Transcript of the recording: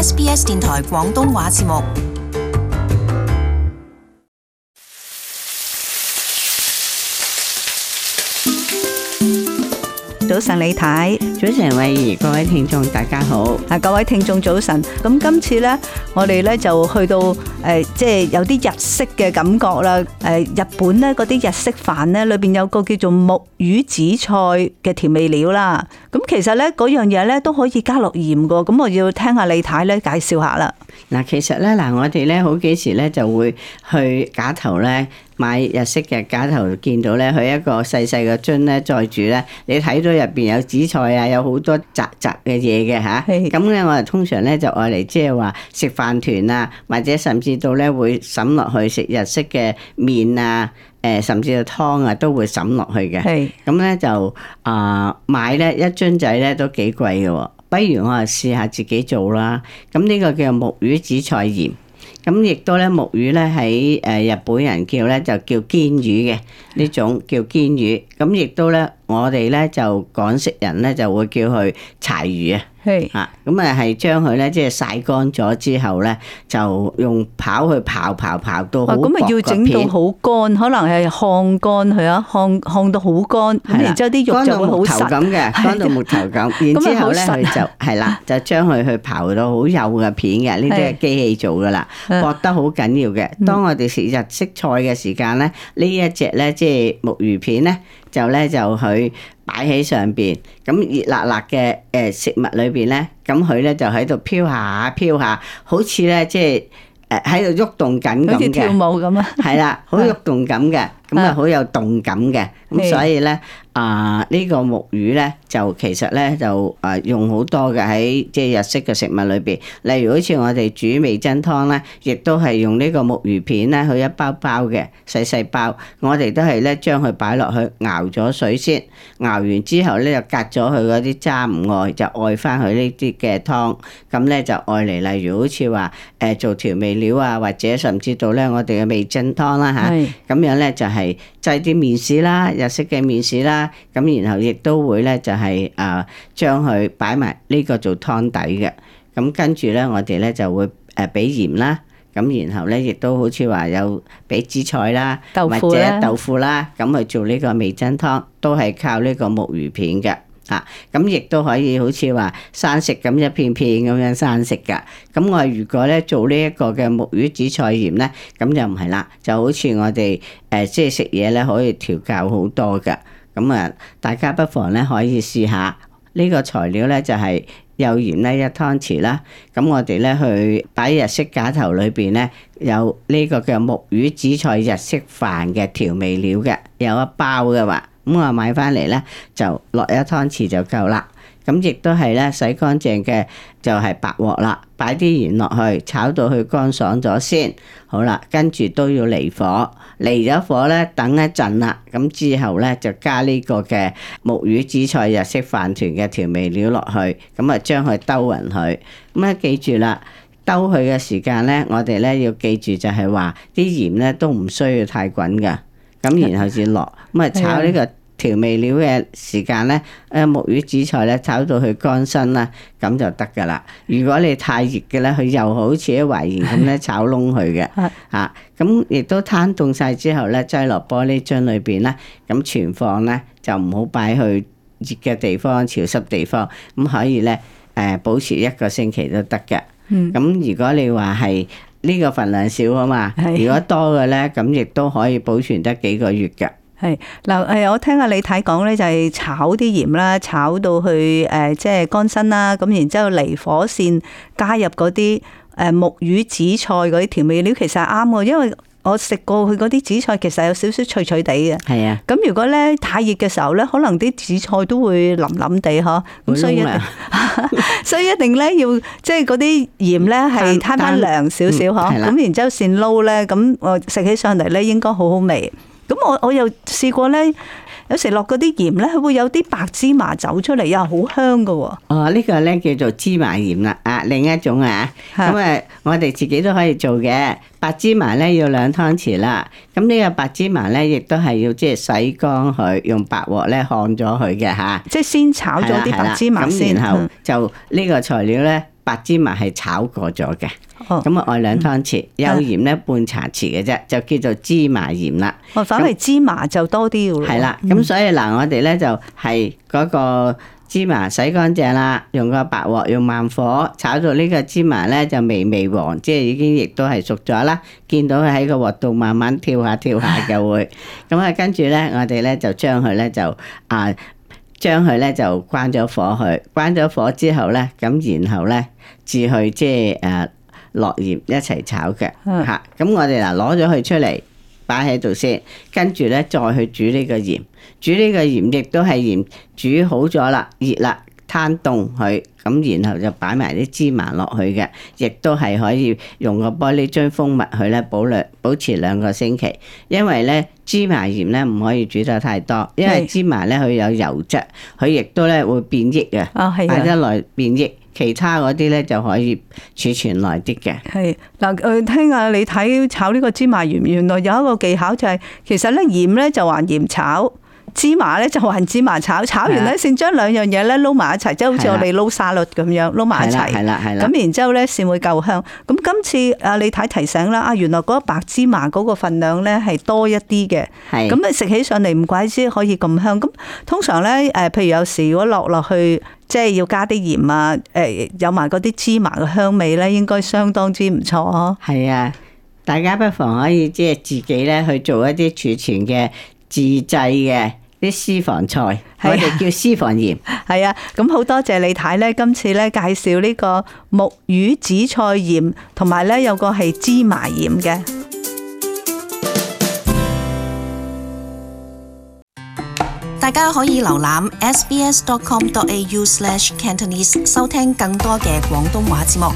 SBS 電台廣東話節目。早晨，李太，早晨，慧怡，各位聽眾，大家好。啊，各位聽眾，早晨。咁今次呢，我哋呢就去到誒，即係有啲日式嘅感覺啦。誒，日本呢嗰啲日式飯呢，裏邊有個叫做木魚紫菜嘅調味料啦。咁其實呢嗰樣嘢呢都可以加落鹽噶。咁我要聽下李太呢介紹下啦。嗱，其實呢嗱，我哋呢好幾時呢就會去假頭呢。買日式嘅架頭見到咧，佢一個細細嘅樽咧再煮咧，你睇到入邊有紫菜有窄窄啊，有好多雜雜嘅嘢嘅吓。咁咧，我哋通常咧就愛嚟即係話食飯團啊，或者甚至到咧會滲落去食日式嘅麵啊，誒、呃、甚至嘅湯啊都會滲落去嘅。係。 咁咧就啊買咧一樽仔咧都幾貴嘅喎，不如我誒試下自己做啦。咁呢個叫木魚紫菜鹽。咁亦都咧，木魚咧喺，誒，日本人叫咧就叫堅魚嘅，呢種叫堅魚，咁亦都咧。我哋咧就港式人咧就會叫佢柴魚啊，啊咁啊係將佢咧即係曬乾咗之後咧，就用刨去刨刨刨都好。咁啊要整到好乾，可能係烘乾佢啊，烘烘到好乾。然之後啲肉就會好實咁嘅，乾到木頭咁。然之後咧佢就係啦，就將佢去刨到好幼嘅片嘅，呢啲係機器做噶啦，薄得好緊要嘅。當我哋食日式菜嘅時間咧，呢一隻咧即係木魚片咧。就咧就佢擺喺上邊，咁熱辣辣嘅誒食物裏邊咧，咁佢咧就喺度飄下飄下，好似咧即係誒喺度喐動緊咁嘅。好似跳舞咁啊！係 啦，好喐動緊嘅。 咁啊，好有動感嘅咁，所以咧啊，呢個木魚咧就其實咧就誒用好多嘅喺即係日式嘅食物裏邊，例如好似我哋煮味噌湯咧，亦都係用呢個木魚片咧，佢一包包嘅細細包，我哋都係咧將佢擺落去熬咗水先，熬完之後咧就隔咗佢嗰啲渣唔要，就要返佢呢啲嘅湯，咁咧就要嚟例如好似話誒做調味料啊，或者甚至到咧我哋嘅味噌湯啦嚇，咁樣咧就係。係製啲麵豉啦，日式嘅麵豉啦，咁然後亦都會咧就係、是、誒、呃、將佢擺埋呢個做湯底嘅，咁跟住咧我哋咧就會誒俾鹽啦，咁然後咧亦都好似話有俾紫菜啦，或者豆腐啦、啊，咁去做呢個味噌湯，都係靠呢個木魚片嘅。啊，咁亦都可以好似話生食咁一片片咁樣生食噶。咁我如果咧做呢一個嘅木魚紫菜鹽咧，咁就唔係啦，就好似我哋誒、呃、即係食嘢咧可以調校好多噶。咁啊，大家不妨咧可以試下呢、呢個材料咧就係、是、有鹽呢一湯匙啦。咁我哋咧去擺日式架頭裏邊咧有呢個嘅木魚紫菜日式飯嘅調味料嘅，有一包嘅話。咁我買翻嚟咧，就落一湯匙就夠啦。咁亦都係咧，洗乾淨嘅就係白鑊啦，擺啲鹽落去炒到佢乾爽咗先。好啦，跟住都要離火，離咗火咧，等一陣啦。咁之後咧就加呢個嘅木魚紫菜日式飯團嘅調味料落去，咁啊將佢兜勻佢。咁啊記住啦，兜佢嘅時間咧，我哋咧要記住就係話啲鹽咧都唔需要太滾噶。咁然後再落，咁啊炒呢個調味料嘅時間咧，誒的木魚紫菜咧炒到佢乾身啦，咁就得㗎喇。如果你太熱嘅咧，佢又好似啲維園咁咧炒燶佢嘅，嚇的。咁亦、啊、都攤凍晒之後咧，擠落玻璃樽裏邊咧，咁存放咧就唔好擺去熱嘅地方、潮濕地方，咁可以咧誒保持一個星期都得嘅。的嗯。咁如果你話係。呢個份量少啊嘛，是如果多嘅呢，咁亦都可以保存得幾個月㗎。係嗱，誒，我聽阿李太講呢，就係、是、炒啲鹽啦，炒到去誒、呃，即係乾身啦，咁然之後離火線加入嗰啲誒木魚、紫菜嗰啲調味料，其實係啱嘅，因為。我食過佢嗰啲紫菜，其實有少少脆脆地嘅。係啊，咁如果咧太熱嘅時候咧，可能啲紫菜都會腍腍地呵。所以，所以一定咧 要即係嗰啲鹽咧係攤攤涼少少呵。咁、嗯啊、然之後先撈咧，咁我食起上嚟咧應該好好味。咁我我又試過咧，有時落嗰啲鹽咧，佢會有啲白芝麻走出嚟，又好香㗎喎。哦，哦呢個、呢個咧叫做芝麻鹽啦，啊另一種啊。咁誒的，我哋自己都可以做嘅。白芝麻咧要兩湯匙啦。咁呢個白芝麻咧，亦都係要即係洗乾佢，用白鑊咧烘咗佢嘅吓，即係先炒咗啲白芝麻先，咁然後就呢個材料咧。白芝麻係炒過咗嘅，咁啊我兩湯匙，幼鹽咧半茶匙嘅啫，就叫做芝麻鹽啦。咁反而芝麻就多啲咯。係啦、嗯，咁所以嗱，我哋咧就係嗰個芝麻洗乾淨啦，用個白鑊用慢火炒到呢個芝麻咧就微微黃，即係已經亦都係熟咗啦。見到佢喺個鑊度慢慢跳下跳下嘅會，咁啊、嗯嗯、跟住咧我哋咧就將佢咧就啊。將佢咧就關咗火去，關咗火之後咧，咁然後咧至去即係誒落鹽一齊炒嘅吓。咁的，啊，我哋嗱攞咗佢出嚟擺喺度先，跟住咧再去煮呢個鹽，煮呢個鹽亦都係鹽煮好咗啦，熱啦。熱攤凍佢，咁然後就擺埋啲芝麻落去嘅，亦都係可以用個玻璃樽封密佢咧，保兩保持兩個星期。因為咧芝麻鹽咧唔可以煮得太多，因為芝麻咧佢有油脂，佢亦都咧會變膉嘅。啊的，係。擺得耐變膉，其他嗰啲咧就可以儲存耐啲嘅。係嗱，誒聽下你睇炒呢個芝麻鹽，原來有一個技巧就係、是，其實咧鹽咧就還鹽炒。芝麻咧就還芝麻炒，炒完咧先將兩樣嘢咧撈埋一齊，的即係好似我哋撈沙律咁樣撈埋的一齊。係啦，係啦，咁然之後咧先會夠香。咁今次啊，你睇提醒啦，啊原來嗰白芝麻嗰個份量，咧係多一啲嘅。咁咧食起上嚟唔怪之可以咁香。咁通常咧誒，譬如有時如果落落去，即係要加啲鹽啊，誒，有埋嗰啲芝麻嘅香味咧，應該相當之唔錯咯。係啊，大家不妨可以即係自己咧去做一啲儲存嘅自製嘅。啲私房菜，啊、我哋叫私房鹽。係啊，咁好多謝李太咧，今次咧介紹呢個木魚紫菜鹽，同埋咧有個係芝麻鹽嘅。大家可以瀏覽 sbs.com.au/cantonese 收聽更多嘅廣東話節目。